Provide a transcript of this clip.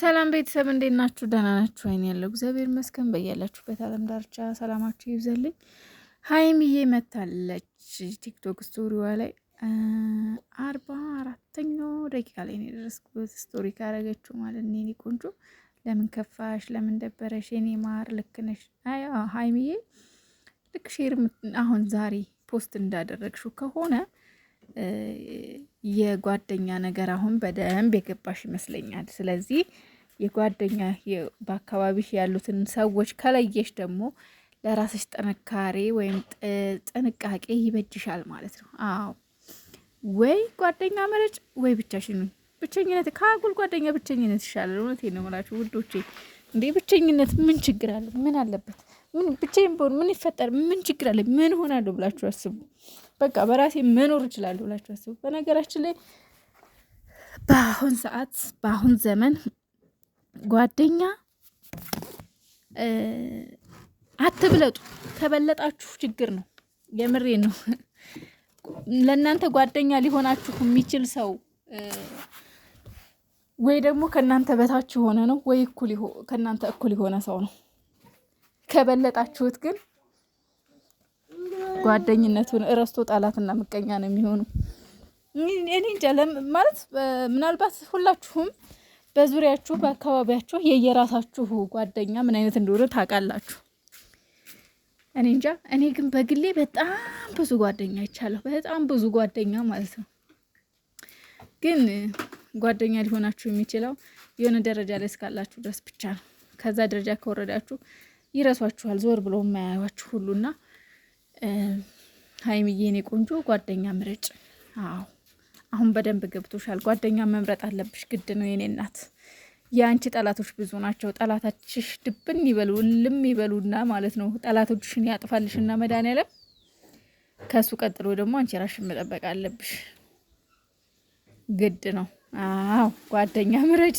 ሰላም ቤተሰብ እንዴት ናችሁ? ደህና ናችሁ? ወይን ያለው እግዚአብሔር ይመስገን። በያላችሁበት አለም ዳርቻ ሰላማችሁ ይብዛልኝ። ሀይሚዬ መታለች ቲክቶክ ስቶሪዋ ላይ አርባ አራተኛው ደቂቃ ላይ የደረስኩት ስቶሪ ካረገችው ማለት ነው። የኔ ቆንጆ ለምን ከፋሽ? ለምን ደበረሽ? የኔ ማር ልክ ነሽ ሀይሚዬ። ልክ ሼር አሁን ዛሬ ፖስት እንዳደረግሽው ከሆነ የጓደኛ ነገር አሁን በደንብ የገባሽ ይመስለኛል። ስለዚህ የጓደኛ በአካባቢሽ ያሉትን ሰዎች ከለየሽ ደግሞ ለራስሽ ጥንካሬ ወይም ጥንቃቄ ይበጅሻል ማለት ነው። አዎ ወይ ጓደኛ መረጭ ወይ ብቻሽን ብቸኝነት ከአጉል ጓደኛ ብቸኝነት ይሻላል። እውነቴን ነው የምላችሁ ውዶቼ። እንዴ ብቸኝነት ምን ችግር አለ? ምን አለበት? ምን ብቻዬን ብሆን ምን ይፈጠር፣ ምን ችግር አለ፣ ምን ሆናለሁ ብላችሁ አስቡ። በቃ በራሴ መኖር እችላለሁ ብላችሁ አስቡ። በነገራችን ላይ በአሁን ሰዓት በአሁን ዘመን ጓደኛ አትብለጡ። ከበለጣችሁ ችግር ነው። የምሬ ነው። ለእናንተ ጓደኛ ሊሆናችሁ የሚችል ሰው ወይ ደግሞ ከእናንተ በታች የሆነ ነው ወይ ከእናንተ እኩል የሆነ ሰው ነው። ከበለጣችሁት ግን ጓደኝነቱን እረስቶ ጠላትና ምቀኛ ነው የሚሆኑ። እኔ እንጃ ማለት ምናልባት ሁላችሁም በዙሪያችሁ በአካባቢያችሁ የየራሳችሁ ጓደኛ ምን አይነት እንደሆነ ታውቃላችሁ። እኔ እንጃ። እኔ ግን በግሌ በጣም ብዙ ጓደኛ ይቻለሁ፣ በጣም ብዙ ጓደኛ ማለት ነው። ግን ጓደኛ ሊሆናችሁ የሚችለው የሆነ ደረጃ ላይ እስካላችሁ ድረስ ብቻ ነው። ከዛ ደረጃ ከወረዳችሁ ይረሷችኋል፣ ዞር ብሎ የማያዩችሁ ሁሉና ሀይሚዬ የኔ ቆንጆ ጓደኛ ምረጭ። አዎ አሁን በደንብ ገብቶሻል። ጓደኛ መምረጥ አለብሽ፣ ግድ ነው የኔ እናት። የአንቺ ጠላቶች ብዙ ናቸው። ጠላታችሽ ድብን ይበሉ ልም ይበሉና ማለት ነው ጠላቶችሽን ያጥፋልሽና መድኃኒዓለም። ከእሱ ቀጥሎ ደግሞ አንቺ ራሽን መጠበቅ አለብሽ፣ ግድ ነው። አዎ ጓደኛ ምረጭ።